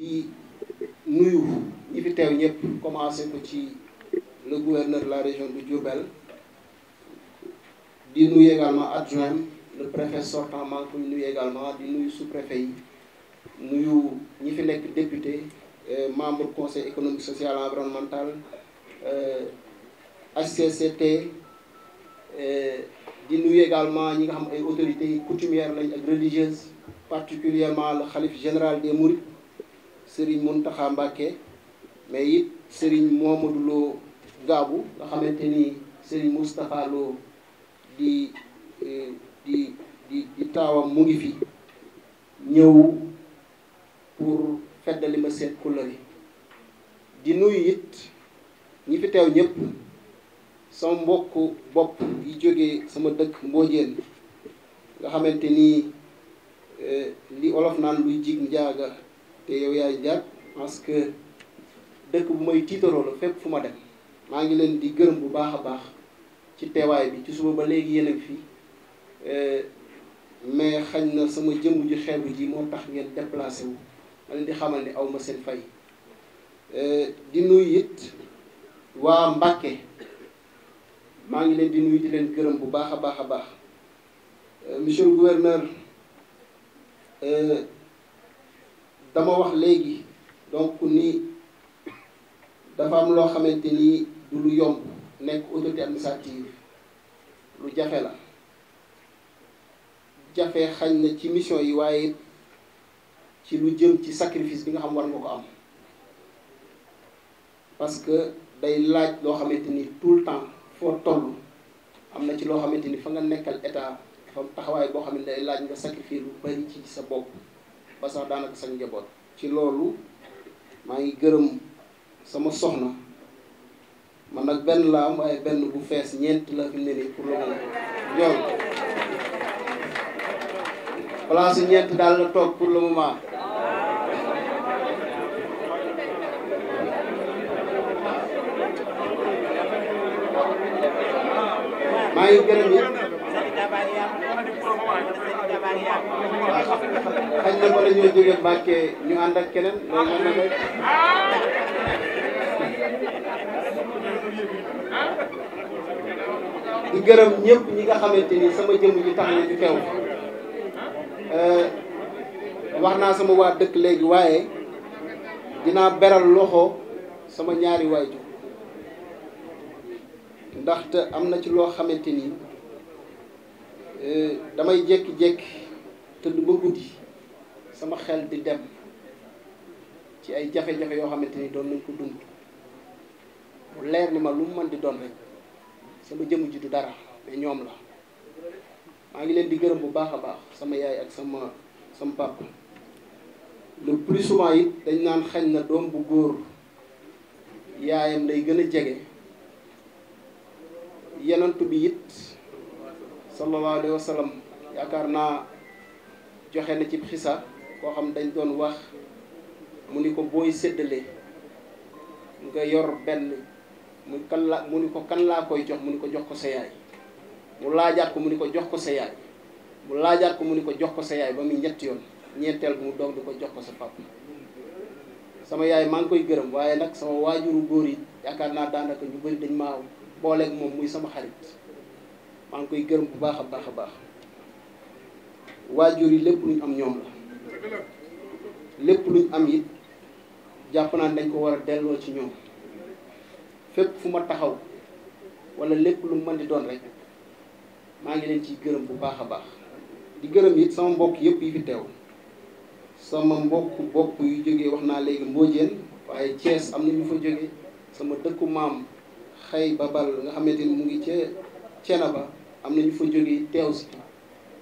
di nuyu ñi fi teew ñëpp commencé ko ci le gouverneur de la région de Diourbel di nuyu également adjoint le préfet sortant maa ngi koy nuyu également di nuyu sous-préfet yi nuyu ñi fi nekk député euh, membre conseil économique social environnemental HCCT euh, euh, di nuyu également ñi nga xam ay autorités coutumières lañ ak religieuses particulièrement la khalife général des Mourides Serigne Mountakha Mbacké mais it sëriñ Momadou Lo Gaabu nga xamante ni Serigne Moustapha di di di taawam mu ngi fi ñëw pour feddali ma seet kullari di nuyu it ñi fi teew ñëpp sama mbokk bopp yi jógee sama dëkk Mbodiène nga xamante ni eh, li olof naan luy jig njaaga te yow yaay jàpp parce que dëkk bu may tiitaroo la fépp fu ma dem maa ngi leen di gërëm bu baax a baax ci teewaay bi ci suba ba léegi yéen ak fii fi eh, mais xañ na sama jëmm ji xeebu ji moo tax ngeen déplacé wu ma leen di xamal ni aw ma seen fay eh, di nuyu it waa Mbàkke maa ngi leen di nuyu di leen gërëm bu baax a baax a baax eh, monsieur le gouverneur. dama wax léegi donc ni dafa am loo xamante ni du lu yomb nekk autorité administrative lu jafe la jafe xañ na ci mission yi waaye ci lu jëm ci sacrifice bi nga xam war nga ko am parce que day laaj loo xamante ni tout le temps foo toll am na ci loo xamante ni fa nga nekkal état dafa taxawaay boo xamante day laaj nga sacrifice lu bari ci sa bopp ba sax daanaka sañ njaboot ci loolu maa ngi gërëm sama soxna man nag benn laa am benn bu fees ñeent la fi ne nii pour le moment la pour le moment maa ngi gërëm it xëy na bala ñoo jóge Mbàkke ñu ànd ak keneen loolu mën na koy. di gërëm ñépp ñi nga xamante ni sama jëmm ji tax na ci teew eh, wax naa sama waa dëkk léegi waaye dinaa beral loxo sama ñaari waajur ndaxte am na ci loo xamante ni. Euh, damay jékki-jékki tëdd ba guddi sama xel di dem ci ay jafe-jafe yoo xamante ni doon nañ ko dund mu leer ni ma lu mu mën di doon rek sama jëmm ji du dara mais ñoom la maa ngi leen di gërëm bu baax a baax sama yaay ak sama sama papa le plus souvent dañ naan xañ na doom bu góor yaayam lay gën a jege yenantu bi it sallallahu alayhi wa yaakaar naa joxe na ci xisa koo xam dañ doon wax mu ni ko booy séddale nga yor benn mu kan la mu ni ko kan laa koy jox mu ni ko jox ko sa yaay mu laajaat ko mu ni ko jox ko sa yaay mu laajaat ko mu ni ko jox ko sa ba muy ñetti yoon ñeenteel bi mu doog di ko jox ko sa papa sama yaay maa ngi koy gërëm waaye nag sama waajuru góor yi yaakaar naa daanaka ñu bëri dañ maa booleeg moom muy sama xarit maa ngi koy gërëm bu baax a baax a baax waajur yi lépp luñ am ñoom la lépp luñ am it jàpp naa dañ ko war a delloo ci ñoom fépp fu ma taxaw walla lépp lu mën di doon rek maa ngi leen ciy gërëm bu baax a baax di gërëm it sama mbokk yëpp yi fi teew sama mbokk bopp yu jógee wax naa léegi Mbodiène waaye Thiès am na ñu fa jóge sama dëkku maam xëy babal nga xamante ni mu ngi cee ba am na ñu fa jógee teew si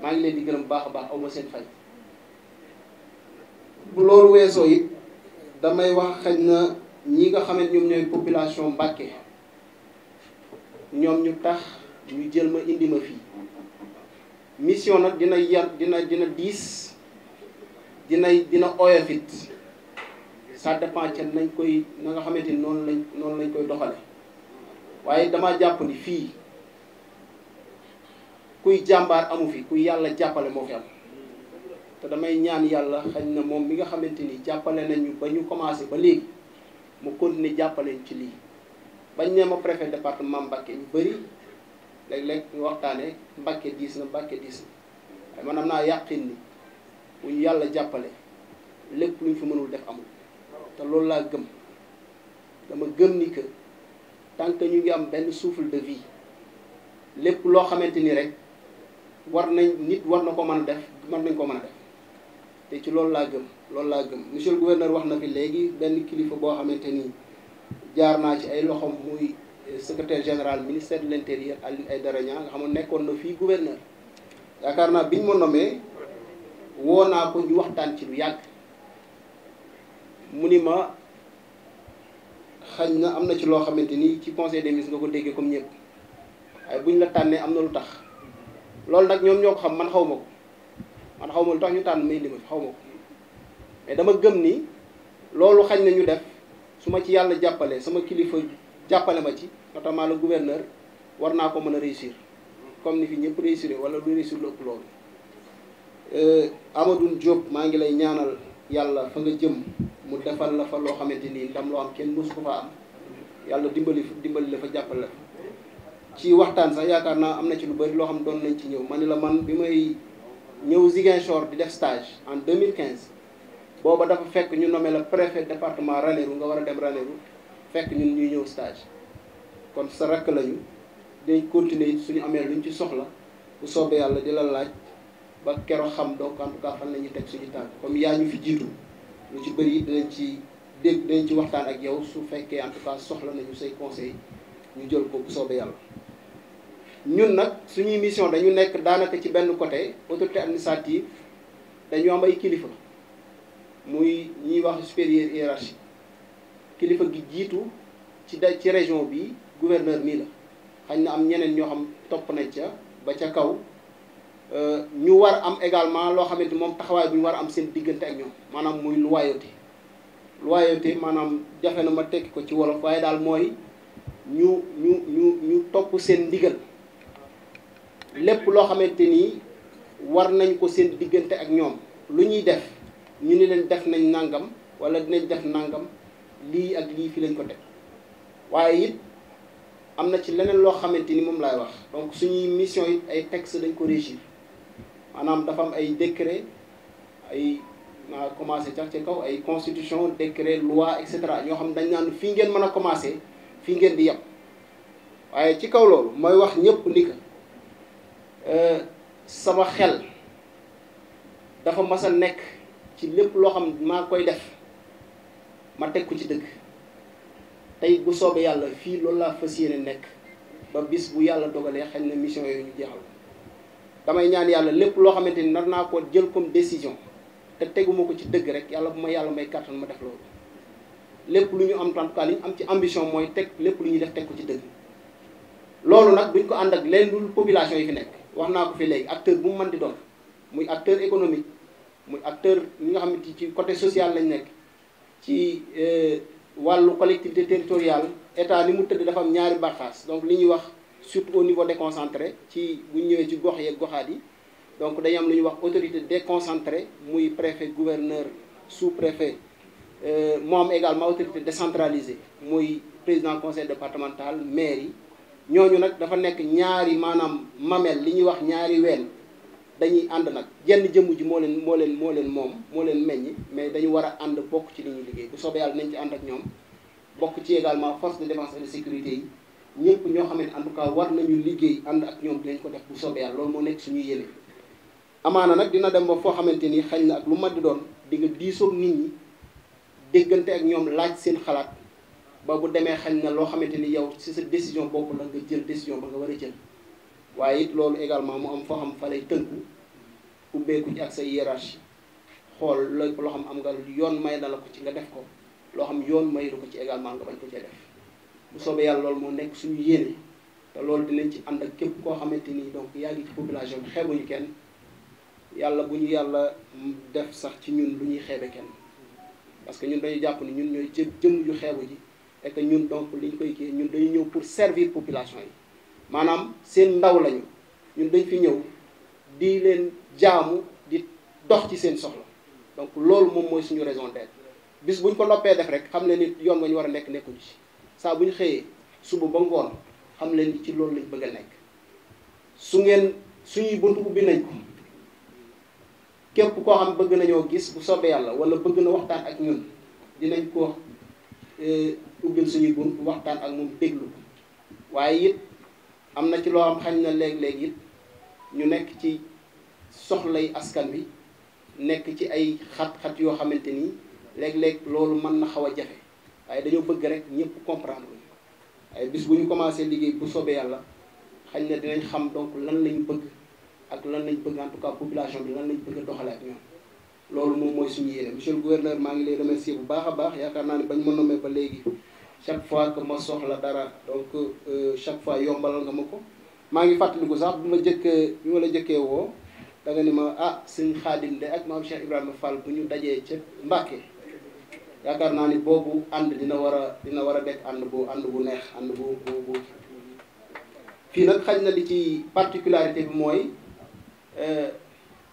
maa ngi leen di gërëm baax a baax aw ma seen fay bu loolu weesoo it damay wax xëy na ñi nga xamante ñoom ñooy population Mbàkke ñoom ñu tax ñu jël ma indi ma fii mission nag dina yar dina dina diis dinay dina oyofit sa dépend nañ koy na nga xamante ni noonu lañ noonu lañ koy doxale waaye dama jàpp ni fii kuy jàmbaar amu fi ku yàlla jàppale moo fi am te damay ñaan yàlla xañ na moom mi nga xamante ni jàppale nañu ba ñu commencé ba léegi mu continuer jàppaleen ci lii bañ ne ma préfet département Mbacké ñu bëri léeg-léeg ñu waxtaane Mbacké diis na Mbacké diis na man am naa yàqin ni bu yàlla jàppale lépp lu ñu fi mënul def amul te loolu laa gëm dama gëm ni que tant ñu ngi am benn souffle de vie lépp loo xamante ni rek war nañ nit war na ko man a def man nañ ko man a def te ci loolu laa gëm loolu laa gëm monsieur le gouverneur wax na fi léegi benn kilifa boo xamante ni jaar naa ci ay loxom muy euh, secrétaire général ministère de l' intérieur Alioune Aïdara nga xam ne nekkoon na fii gouverneur yaakaar naa biñ ma nommé woo naa ko ñu waxtaan ci lu yàgg mu ni ma xañ na am na ci loo xamante ni ci conseil des ministres nga ko déggee comme ñëpp waaye buñ la tànnee am na lu tax. loolu nag ñoom ñoo xam man xaw ma ko man xaw ma lu tax ñu tànn may li ma fi xaw ma ko mais dama gëm nii loolu xañ nañu def su ma ci yàlla jàppale sama kilifa jàppale ma ci notamment le gouverneur war naa ko mën a réussir comme ni fii ñëpp réussir wala lu réussir lu ëpp loolu euh, Amadou maa ngi lay ñaanal yàlla fa nga jëm mu defal la fa loo xamante ni ndam loo am kenn mësu ko fa am yàlla dimbali dimbali la fa jàppale la ci waxtaan sax yaakaar naa am na ci lu bëri loo xam doon nañ ci ñëw man ne la man bi may ñëw Ziguinchor di def stage en 2015 booba dafa fekk ñu nommé la préfet département Ranérou nga war a dem Ranérou fekk ñun ñuy ñëw stage kon sa rakk lañu dañ continuer suñu amee luñ ci soxla bu soobee yàlla di la laaj ba keroog xam donc en tout cas fan la ñuy teg suñu tànk comme yaa ñu fi jiitu lu ci bëri dinañ ci dégg dañ ci waxtaan ak yow su fekkee en tout cas soxla nañu conseil ñu jël ko bu yàlla. ñun nag suñuy mission dañu nekk daanaka ci benn côté autorité administrative dañu am ay kilifa muy ñuy wax supérieur hiérarchie kilifa gi jiitu ci da ci région bi gouverneur mii la xañ na am ñeneen ñoo xam topp nañ ca ba ca kaw euh, ñu war am également loo xamante moom taxawaay bu ñu war a am seen diggante ak ñoom maanaam muy loyauté loyauté maanaam jafe na ma tekki ko ci wolof waaye daal mooy ñu ñu ñu ñu topp seen ndigal lépp loo xamante ni war nañ ko seen diggante ak ñoom lu ñuy def ñu ni leen def nañ nangam wala dinañ def nangam lii ak lii fi lañ ko teg waaye it am na ci leneen loo xamante ni moom laay wax donc suñuy mission it ay texte dañ ko régir maanaam dafa am ay décret ay naa commencé cax ci kaw ay constitution décret loi et cetera ñoo xam dañ naan fii ngeen mën a commencé fii ngeen di yem waaye ci kaw loolu mooy wax ñëpp ni Euh, sama xel dafa mas a nekk ci lépp loo xam maa koy def ma teg ko ci dëgg tey bu soobee yàlla fii loolu laa fas yéene nekk ba bis bu yàlla dogalee xañ na mission yooyu ñu jeexal damay ñaan yàlla lépp loo xamante ni nar naa ko jël comme décision te teguma ko ci dëgg rek yàlla bu ma yàlla may kàttan ma def loolu lépp lu ñu am en tout li ñu am ci ambition mooy teg lépp lu ñuy def teg ko ci dëgg loolu nag buñ ko ànd ak leen dul population yi fi nekk wax naa ko fi léegi acteur bu mu man di doon muy acteur économique muy acteur ñi nga xamante ci côté social lañ nekk ci euh, wàllu collectivité territoriale état ni mu tëdd dafa am ñaari bànqaas donc li ñuy wax surtout au niveau déconcentré ci bu ñëwee ci gox yeeg goxaat yi donc dañu am lu ñuy wax autorité déconcentrée muy préfet gouverneur sous préfet euh, moo am également autorité décentralisée muy président conseil départemental maire yi ñooñu nag dafa nekk ñaari maanaam mamel li ñuy wax ñaari ween dañuy ànd nag jenn jëmm ji moo leen moo leen moo leen moom moo leen meññ mais dañu war a ànd bokk ci li liggéey bu soobee yàlla nañ ci ànd ak ñoom bokk ci également force de défense et de sécurité yi ñëpp ñoo xam ne en tout cas war nañu liggéey ànd ak ñoom dinañ ko def bu soobee yàlla loolu moo nekk suñu yéene amaana nag dina dem ba foo xamante ni xañ na ak lu ma di doon di nga diisoog nit ñi déggante ak ñoom laaj seen xalaat ba bu demee xañ na loo xamante ni yow ci sa décision bopp la nga jël décision ba nga war a jël waaye it loolu également mu am foo xam fa lay tënku ubbeeku ci ak sa hiérarchie xool la loo xam am nga yoon may na la ko ci nga def ko loo xam yoon mayu ko ci également nga bañ ko cee def bu soobee yàlla loolu moo nekk suñu yéene te loolu dinañ ci ànd ak képp koo xamante ni donc yaa ci population bi xeebuñu kenn yàlla bu ñu yàlla def sax ci ñun lu ñuy xeebe kenn parce que ñun dañuy jàpp ni ñun ñooy jëm jëm yu xeebu ji et que ñun donc li ñu koy kii ñun dañu ñëw pour servir population yi maanaam seen ndaw lañu ñun dañ fi ñëw di leen jaamu di dox ci seen soxla donc loolu moom mooy suñu raison d'être bis bu ñu ko noppee def rek xam leen nit yoon nga ñu war a nekk nekku ci saa bu ñu xëyee suba ba ngoon xam leen ni ci loolu lañ bëgg a nekk su ngeen suñuy buntu ubbi nañ ko ku koo xam bëgg nañoo gis bu soobee yàlla wala bëgg na waxtaan ak ñun dinañ ko Eh, ubbil suñu bunt waxtaan ak moom béglu ko waaye it am na ci loo am xañ na léeg-léeg it ñu nekk ci soxlay askan bi nekk ci ay xat-xat yoo xamante ni léeg-léeg loolu mën na xaw a jafe waaye dañoo bëgg rek ñëpp comprendre ñu waaye bis bu ñu commencé liggéey bu soobee yàlla xañ na dinañ xam donc lan lañ bëgg ak lan lañ bëgg en tout cas population bi lan lañ bëgg doxale ak ñoom loolu moom mooy suñu yéene monsieur gouverneur maa ngi lay remercier bu baax a baax yaakaar naa ne bañ ma nommé ba léegi chaque fois que ma soxla dara donc euh, chaque fois yombalal nga ma ko maa ngi fàttaliku sax bi ma jëkkee bi ma la jëkkee woo da ni ma ah seen Xaadim de ak maam Cheikh Ibrahima Fall bu ñu dajee ca Mbàkke yaakaar naa ni boobu ànd dina war a dina war a dekk ànd bu ànd bu neex ànd bu bu bu fii nag xañ na li ci particularité bi mooy euh,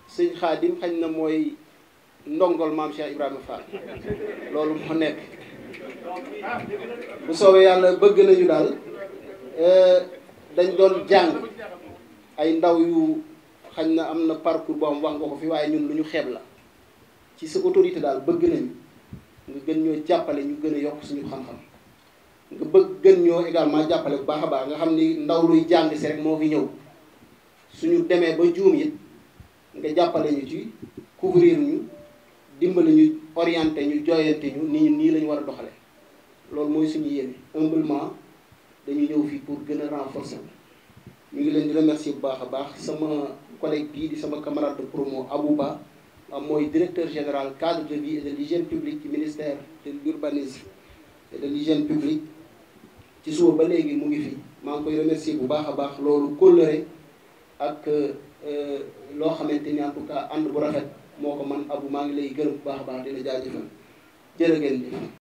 sëñ Xaadim xañ na mooy ndongol maam Cheikh Ibrahima Fall loolu moo nekk bu soobee yàlla bëgg nañu daal eh, dañ doon jàng ay ndaw yu xañ na am na parcours boo am wax nga ko fi waaye ñun lu ñu xeeb la ci sa autorité daal bëgg nañu nga gën ñoo jàppale ñu gën a yokk suñu xam-xam nga bëgg gën ñoo également jàppale bu baax a baax nga xam ni ndaw luy jàng si rek moo fi ñëw suñu demee ba juum it nga jàppale ñu ci couvrir ñu dimbali ñu orienté ñu jooyante ñu nii nii la war a doxale loolu mooy suñu yéene humblement dañu ñëw fii pour gën a renforcer mu ngi leen di bu baax a baax sama collègue bii di sama camarade de promo Abouba ah, mooy directeur général cadre de li et de l'hygiène publique ci ministère de l'urbanisme de de l'hygiène publique ci suba ba léegi mu ngi fii maa ngi koy remercier bu baax a baax loolu kóllëre ak euh, euh, loo xamante ni en tout cas ànd bu rafet moo ko man abu maa ngi lay gërëm bu baax a baax di la jaajëfal jërë ngeen jëf